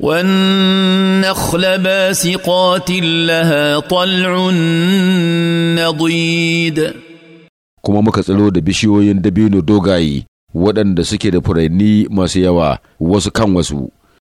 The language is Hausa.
والنخل باسقات لها طلع نضيد kuma muka tsiro da bishiyoyin dabino dogaye waɗanda suke da furanni masu yawa wasu kan wasu